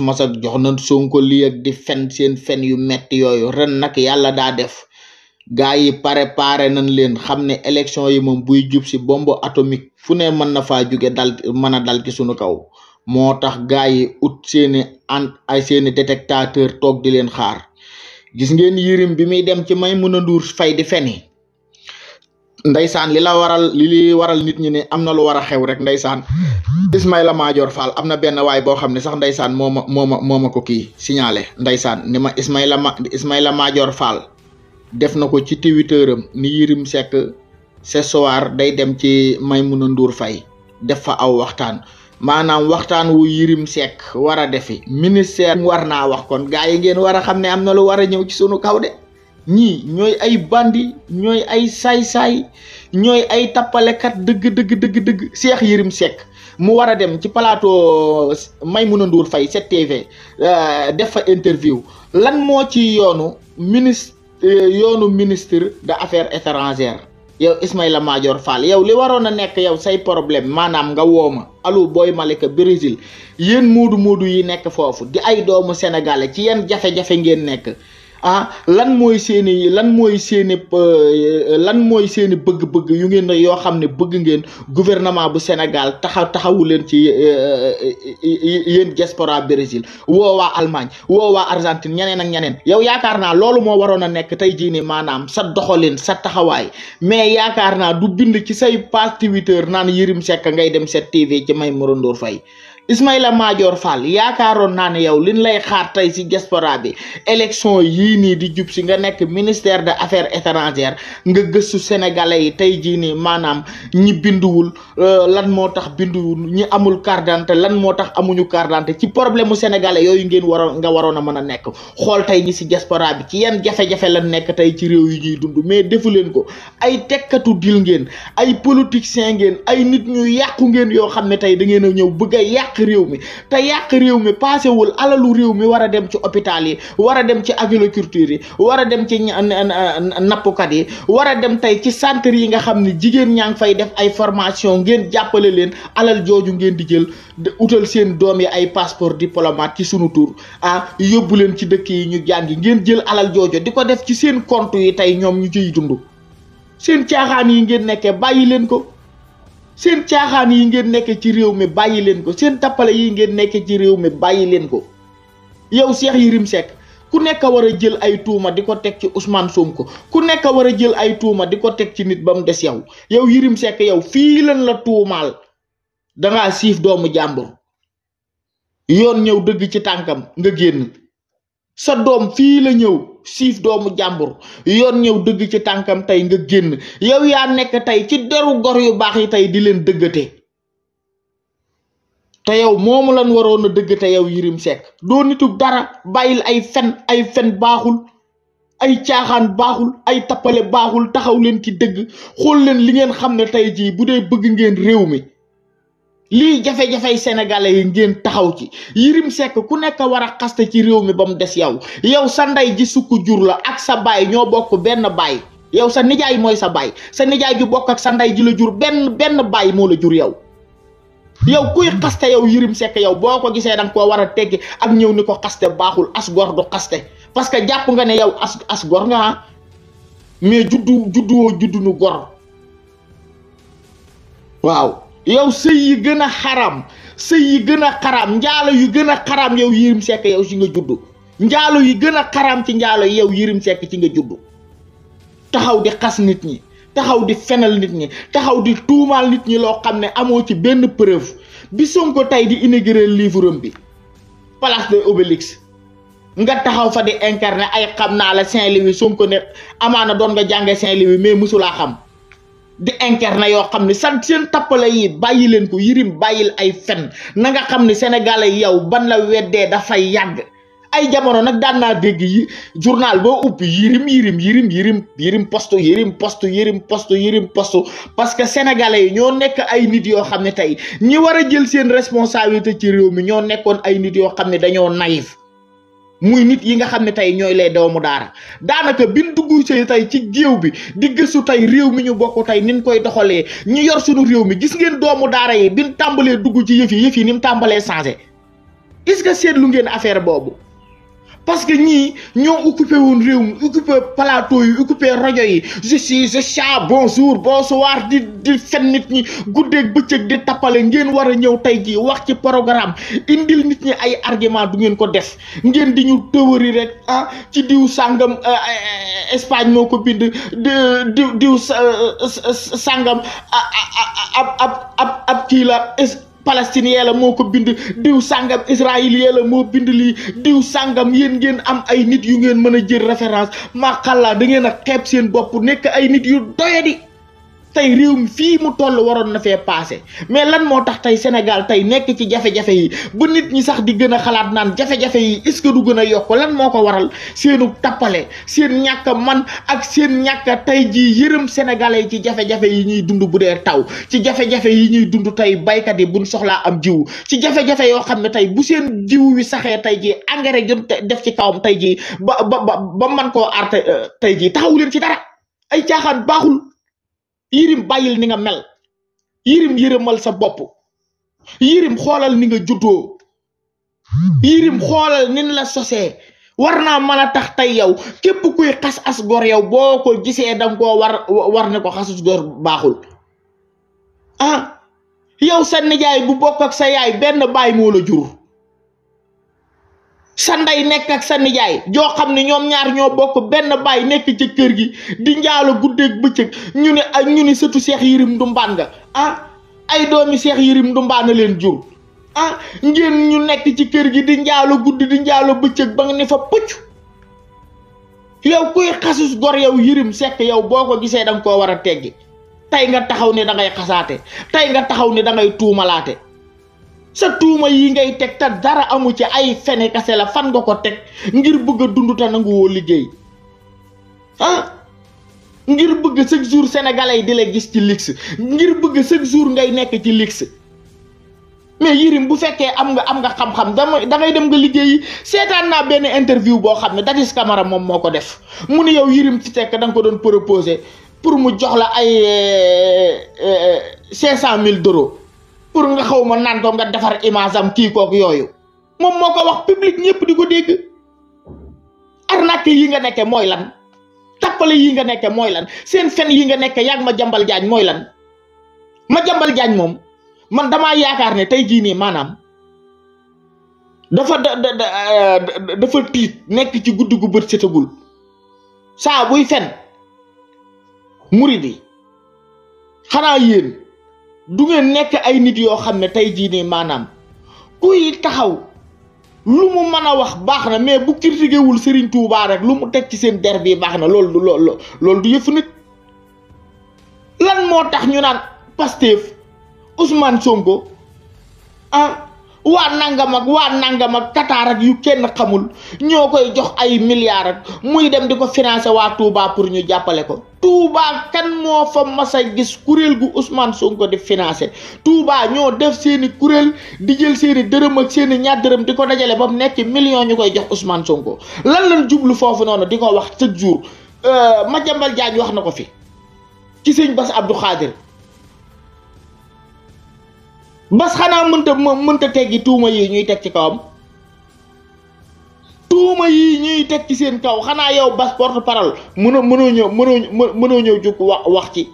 masak jox na Sonko lii ak di fen seen fen yu metti yooyu ren nag yàlla daa def gaa yi pare pare nañ leen xam ne élection yi moom buy jub si bombe atomique fu ne mën na faa jóge dal mën a dal ci sunu kaw moo tax gaa yi ut seeni ant ay seeni détectateur toog di leen xaar gis ngeen Yérim bi muy dem ci Maïmouna Ndour Faye di feni ndeysaan li la waral li li waral nit ñi ne am na lu war a xew rek ndeysaan Ismaïla Madior Fall am na benn waay boo xam ne sax ndeysaan moo ma moo ma moo ma ko kii signalé ndeysaan ni ma Ismaïla ma Ismaïla Madior Fall def na ko ci Twitter am ni Yérim Seck ce soir day dem ci may Maimouna nduur Faye def fa aw waxtaan maanaam waxtaan wu Yérim Seck war a defi ministère war naa wax kon gaa yi ngeen war a xam ne am na lu war a ñëw ci sunu kaw de ñii ñooy ay bandi ñooy ay saay-saay ñooy ay tappalekat dëgg dëgg dëgg dëgg Cheikh Yérim mu war a dem ci plateau Maïmouna Ndour fay 7TV euh, def fa interview lan moo ci yoonu ministre euh, yoonu ministre des affaires étrangères yow Ismaïla Madior Fall yow li waroon a nekk yow say problème maanaam nga wooma alu booy Malika Brésil yéen moodu muudu yi nekk foofu di ay doomu sénégalais ci yan jafe-jafe ngeen nekk ah lan mooy seeni i lan mooy seen euh, euh, lan mooy seen bëgg-bëgg yu ngeen yoo xam ne bëgg ngeen gouvernement bu Sénégal taxaw taxawu leen ci euh, yéen diaspora Brésil woo waa Allemagne woo waa Argentine ñeneen ak ñeneen yow yaakaar naa loolu moo waroon a nekk tey jii nii maanaam sa doxalin sa taxawaay mais yaakaar naa du bind ci say page Twitter naan Yérim Seck ngay dem set TV ci Maimouna Ndour Faye Ismaila Major Fall yaakaaroon naa ne yow lin lay xaar tey si diaspora bi élection yii nii di jub si nga nekk ministère des affaires étrangères nga gëstu sénégalais yi tey jii nii maanaam ñi binduwul euh, lan moo tax binduwul ñi amul carte d'identité lan moo tax amuñu carte d'identité ci problème sénégalais yooyu ngeen waroon nga waroon a mën a nekk xool tey ñi si diaspora bi ci yan jafe-jafe lan nekk tey ci réew yi ñuy dund mais defu leen ko ay tekkatu dil ngeen ay politiciens ngeen ay nit ñu yàqu ngeen yoo xam ne tey da ngeen a bëgg a yàq réew mi te yàq réew mi paasewul alalu réew mi war a dem ci hôpital yi war a dem ci agriculture yi war a dem ci nappukat yi war a dem tey ci centre yi nga xam ni jigéen ñaa ngi fay def ay formation ngeen jàppale leen alal jooju ngeen di jël utal seen doom yi ay passeport diplomate ci sunu tur ah yóbbu leen ci dëkk yi ñu jàngi ngeen jël alal jooju di ko def ci seen compte yi tey ñoom ñu ciy dund seen caaxaan yi ngeen nekke bàyyi leen ko seen caaxaan yi ngeen nekk ci réew mi bàyyi leen ko seen tappale yi ngeen nekk ci réew mi bàyyi leen ko yow seex Yérim Seck ku nekk war a jël ay tuuma di ko teg ci Ousmane Sonko ku nekk war a jël ay tuuma di ko teg ci nit ba mu des yow yow Yérim sekk yow fii lan la tuumaal dangaa siif doomu jàmbur yoon ñëw dëgg ci tànkam nga génn sa doom fii la ñëw siif doomu jàmbur yoon ñëw dëgg ci tànkam tey nga génn yow yaa nekk tey ci deru gor yu baax yi tey di leen dëggate te yow moomu lan waroon a dëggate yow Yérim Seck doo nitu dara bàyyil ay fen ay fen baaxul ay caaxaan baaxul ay tappale baaxul taxaw leen ci dëgg xool leen li ngeen xam ne tey jii bu dee bëgg ngeen réew mi lii jafe-jafey sénégalais yi ngeen taxaw ci Yérim sekk ku nekk war a xaste ci réew mi ba mu des yow yow sa ndey ji sukk jur la ak sa baay ñoo bokk benn baay yow sa nijaay mooy sa baay sa nijaay bokk ak sa ndey ji la jur benn benn baay moo la jur yow yow kuy xaste yow Yérim sekk yow boo ko gisee danga koo war a teggi ak ñëw ni ko xaste baaxul as gor du xaste parce que jàpp nga ne yow as as gor nga ah mais juddu juddu nu gor waaw yow sey yi gëna a xaram sëy yi gëna xaram njaalo yu gëna xaram yow yirim sekk yow ci nga juddu njaalo yi gëna a xaram ci njaalo yow yirim sekk ci nga juddu taxaw di xas nit ñi taxaw di fenal nit ñi taxaw di tuumal nit ñi loo xam ne amoo ci benn preuve bi sonko tey di inaugurer livre bi place de obélix nga taxaw fa di incarner ay xam naa la saint louis sonko ne amaana doon nga jànge saint louis mais musulaa xam di na yoo xam ne sant seen tappale yi bàyyi leen ko yirim bàyyil ay fen na nga xam ne sénégalais yow ban la weddee dafay yàgg ay jamono nag daan naa dégg yi journal boo uppi yirim yirim yirim yirim yirim poste yirim poste yirim poste yirim poste parce que sénégalais yi ñoo nekk ay nit yoo xam ne tey ñi war a jël seen responsabilité ci réew mi ñoo nekkoon ay nit yoo xam ne dañoo naïf muy nit yi nga xam ne tey ñooy lay doomu daara daanaka bin dugg ci tey ci géew bi di gëstu tey réew mi ñu bokk tey niñ koy doxalee ñu yor sunu réew mi gis ngeen doomu daara yi bin tàmbalee dugg ci yëf yi yëf yi ni tàmbalee changé est-ce que seetlu ngeen affaire boobu parce que ñii ñoo occupé woon réew mi occupé plateau yi occupé rajo yi je suis je cha bonjour bonsoir di di fen nit ñi guddeeg bëccëg di tappale ngeen war a ñëw tey jii wax ci programme indil nit ñi ay argument du ngeen ko def ngeen di ñu théorie rek ah ci diw sàngam Espagne moo ko bind diw diw sàngam ab ab ab kii la palestinien la moo ko bind diw sàngam israélien la moo bind lii diw sàngam yéen ngeen am ay nit yu ngeen mën a jël référence maa xàllaa da ngeen a xeeb seen bopp nekk ay nit yu doyadi tey réew mi fii mu toll waroon na fee passé mais lan moo tax tey Sénégal tey nekk ci jafe-jafe yi ba nit ñi sax di gën a xalaat naan jafe-jafe yi est-ce que du gën a yokk lan moo ko waral seenu tappale seen ñàkk man ak seen ñàkk tey jii yërëm sénégalais yi ci jafe yi ñuy dund bu dee taw ci jafe-jafe yi ñuy dund tey baykat yi buñ soxlaa am jiw ci jafe-jafe yoo xam ne tey bu seen jiw wi saxee tey ji engrais jëm def ci kawam tey jii ba ba ba ba mën koo aar tey jii taxawu leen ci dara ay caaxaan baaxul yirim bàyyil ninga nga mel yirim yërëmal sa bopp yirim xoolal ni nga juddoo yirim xoolal nin la sosee war naa mën a tax tey yow képp kuy xas as gor yow boo ko gisee danga koo war war ne ko xasus gor baaxul ah yow sa nijaay bu bokk ak sa yaay benn baay moo la jur sa ndey nekk ak sa nijaay joo xam ne ñoom ñaar ñoo bokk benn baay nekk ci kër gi di njaalo guddeeg bëccëg ñu ne ak ah, ñu ne sëtu Cheikh Yérim Ndumbaan nga ah ay doomi Cheikh Yérim Ndumbaan a leen jur ah ngeen ñu nekk ci kër gi di njaalo gudd di njaalo bëccëg ba nga ne fa pëcc yow kuy xasus gor yow Yérim Seck yow boo ko gisee danga koo war a teggi tey nga taxaw ne da ngay xasaate tey nga taxaw ne dangay tuumalaate sa tuuma yi ngay teg te dara amu ci ay fene kase la fan nga ko teg ngir bëgg a dund te nangu woo liggéey ah ngir bëgg chaque jour sénégalais yi di la gis ci lix ngir bëgg chaque jour ngay nekk ci lix mais Yérim bu fekkee am nga am nga xam-xam dama da dem nga liggéeyi seetaan naa benn interview boo xam ne Dadis Camara moom moo ko def mu ne yow Yérim ci tekk da nga ko doon proposé pour mu jox la ay euh, euh, cinq cent mille d'euros pour nga xaw ma naan ko nga defar image am kii kook yooyu moom moo ko wax public ñëpp di ko dégg arnaque yi nga nekke mooy lan tappale yi nga nekke mooy lan seen fen yi nga nekke yàgg ma jambal jaañ mooy lan ma jambal jaañ moom man damaa yaakaar ne tey jii nii maanaam dafa dafa tiit nekk ci guddi gu bët setagul saa buy fen muri di xanaa yéen du ngeen nekk ay nit yoo xam ne tey jii nii maanaam kuy taxaw lu mu mën a wax baax na mais bu critiqué wul Serigne Touba rek lu mu teg ci seen der bii baax na loolu du loo loolu du yëfu nit lan moo tax ñu naan Pastef Ousmane Sonko ah waa nangam ak waa nangam ak Qatar yu kenn xamul ñoo koy jox ay milliards ak muy dem di ko financer waa Touba pour ñu jàppale ko. Touba kan moo fa mas gis kuréel gu Ousmane Sonko di financé Touba ñoo def seeni kuréel di jël seeni dërëm ak seeni ñaar dërëm di ko dajale ba mu nekk million ñu koy jox Ousmane Sonko lan lañ jublu foofu noonu di ko wax chaque jour euh, Madiambal Diagne wax na ko fi ci sëñ Bass Abdou Khadir Bass xanaa mënta mënta teggi tuuma yi ñuy teg ci kawam. tuuma yi ñuy tek ci seen kaw xanaa yow bas porte parole mënu mënoo ñëw mënoo mënoo ñëw jug wax ci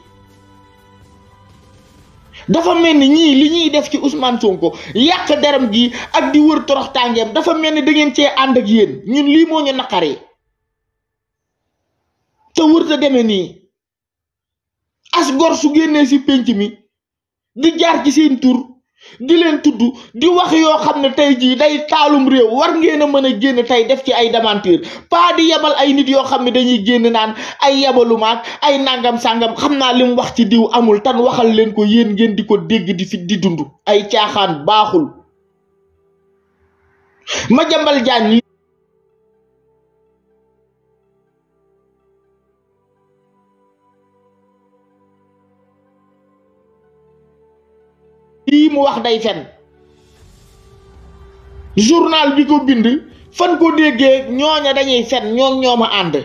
dafa melni ni li ñuy def ci Ousmane Sonko yàq deram gi ak di wër torox tangem dafa melni da ngeen ci and ak yeen ñun li mo ñu nakari te wër ta demee ni as gor su si penc mi di jaar ci seen tur di leen tudd di wax yoo xam ne tey jii day taalum réew war ngeen a mën a génn tey def ci ay demantir paa di yebal ay nit yoo xam ne dañuy génn naan ay yebalu ay nangam sàngam xam naa li wax ci diw amul tan waxal leen ko yéen ngeen di ko dégg di fi di dund ay caaxaan baaxul ma jambal jaan lii mu wax day fen journal bi ko bind fan ko déggee ñooña dañuy fen ñoom ñoo ànd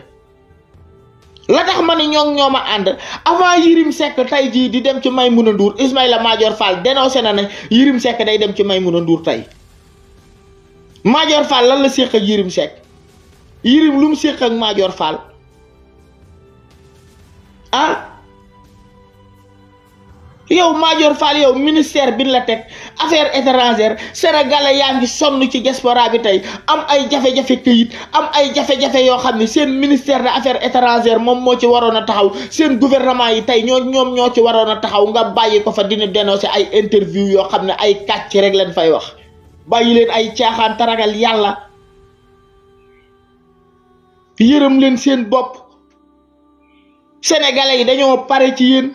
la tax ma ni ñoom ñoo ma ànd avant Yirim Seck tey jii di dem ci may mun a Maimouna Ndour Ismaïla Madior Fall dénoncé na ne Yirim sekk day dem ci Maimouna Ndour tey Madior Fall lan la séq ak Yirim Seck Yirim lu mu séq ak Madior Fall ah yow Madior Fall yow ministère bi la teg affaire étrangères sénégalais yaa ngi sonn ci diaspora bi tey am ay jafe-jafe këyit am ay jafe-jafe yoo xam ne seen ministère des affaire étrangères moom moo ci waroon a taxaw seen gouvernement yi tey ñoo ñoom ñoo ci waroon a taxaw nga bàyyi ko fa dina dénoncer ay interview yoo xam ne ay kàcc rek leen fay wax bàyyi leen ay caaxaan taragal yàlla yërëm leen seen bopp sénégalais yi dañoo pare ci yéen.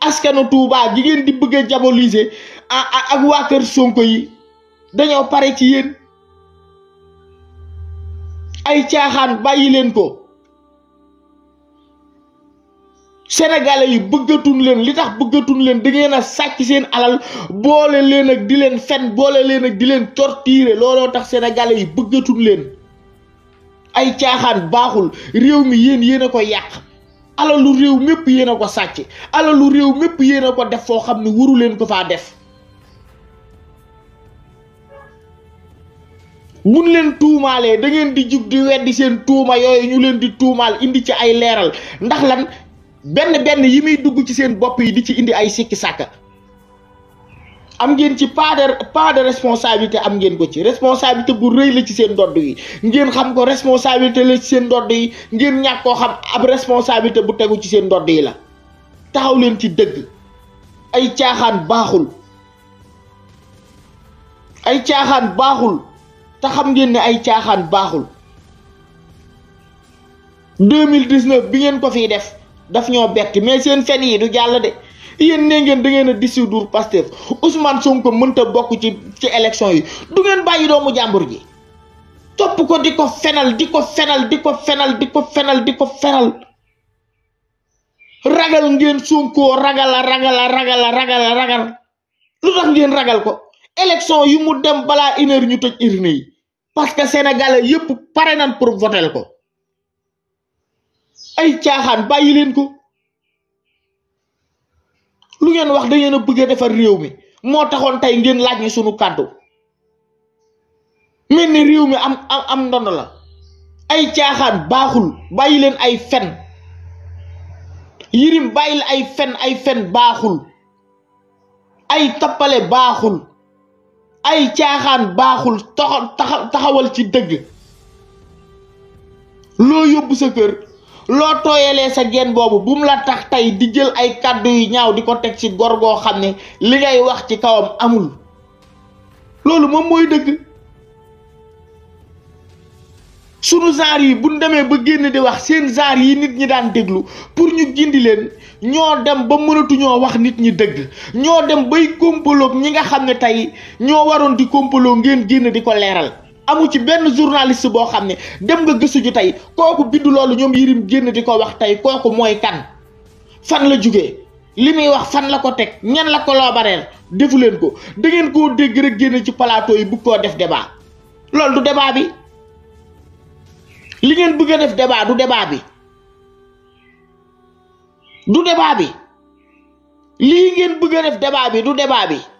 askanu Touba ji ngeen di bëggee a diaboliser ak waa kër Sonko yi dañoo pare ci yéen ay caaxaan bàyyi leen ko sénégalais yi bëggatuñ leen li tax bëggatuñ leen da ngeen a sàcc seen alal boole leen ak di leen fen boole leen ak di leen torturer looloo tax sénégalais yi bëggatuñ leen ay caaxaan baaxul réew mi yéen yéen a ko yàq. alalu réew mépp yéen a ko sàcc alalu réew mépp yéen ko def foo xam ne waru leen ko faa def mun leen tuumaale da di jug di weddi seen tuuma yooyu ñu leen di tuumaal indi ci ay leeral ndax lan benn benn yi muy dugg ci seen bopp yi di ci indi ay sikki sàkka am ngeen ci pas de responsabilité am ngeen ko ci responsabilité bu rëy la ci seen ndodd yi ngeen xam ko seen ndodd yi ngeen ñàkk koo xam ab responsabilité bu tegu ci seen ndodd yi la taxaw leen ci dëgg ay caaxaan baaxul ay caaxaan baaxul te xam ngeen ni ay caaxaan baaxul mille 2019 bi ngeen ko fiy def daf ñoo bett mais seen fen yi du jàll de yéen nee ngeen da ngeen a dissoudre Pastef Ousmane Sonko mënta bokk ci ci élection yi du ngeen bàyyi doomu jàmbur ji topp ko di ko fenal di ko fenal di ko fenal di ko fenal di ko fenal ragal ngeen Sonko ragala ragala ragala ragala ragal lu tax ngeen ragal ko élection yu mu dem balaa une ñu toj urne yi parce que sénégalais yépp pare nañ pour voter ko ay caaxaan bàyyi leen ko lu ngeen wax da ngeen a bëgg a réew mi mo taxoon tay ngeen laaj ni suñu melni réew mi am am am ndono la ay caaxaan baaxul bàyyi leen ay fen yirim bàyyil ay fen ay fen baaxul ay tappale baaxul ay tiaxaan baaxul taxawal ci dëgg loo yóbbu sa kër loo tooyalee sa gen boobu bu mu la tax tey di jël ay kàddu yu ñaaw di ko teg ci gor goo xam ne li ngay wax ci kawam amul loolu moom mooy dëgg sunu genre yi bu ñu demee ba génn di wax seen genre yi nit ñi daan déglu pour ñu gindi leen ñoo dem ba mënatuñoo wax nit ñi dëgg ñoo dem bay kompaloog ñi nga xam ne tey ñoo waroon di kompaloo ngeen génn di ko leeral amu ci benn journaliste boo xam ne dem nga gëstu tey kooku biddu loolu ñoom yirim génn di ko wax tey kooku mooy kan fan la jugee li muy wax fan la ko teg ñan la ko loobareel defu leen ko da ngeen koo dégg rek génn ci plateau yi bu koo def débat loolu du débat bi li ngeen bëgg def débat du débat bi du débat bi lii ngeen bëgg a def débat bi du débat bi